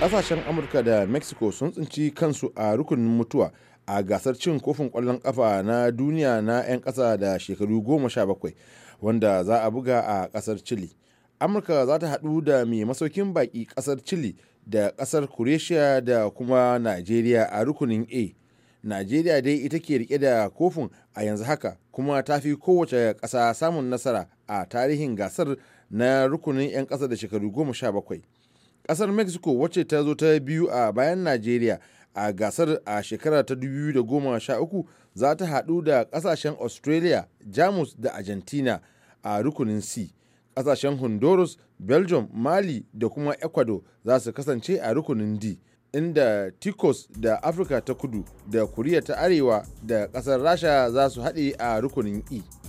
kasashen amurka da mexico sun tsinci kansu a rukunin mutuwa a gasar cin kofin kwallon kafa na duniya na 'yan kasa da shekaru 17 wanda za a buga a kasar chile amurka za ta hadu da mai masaukin baki kasar chile da kasar croatia da kuma nigeria a rukunin a nigeria dai ita ke rike da kofin a yanzu haka kuma ta fi kowace kasa samun nasara a tarihin gasar na rukunin 'yan kasa da shekaru 17 kasar mexico wacce ta zo ta biyu a bayan Nigeria a gasar a shekara ta 2013 za ta haɗu da ƙasashen australia jamus da argentina a rukunin c ƙasashen honduras belgium mali da kuma ecuador za su kasance a rukunin d inda ticos da afirka ta kudu da kuriya ta arewa da ƙasar rasha za su haɗe a rukunin e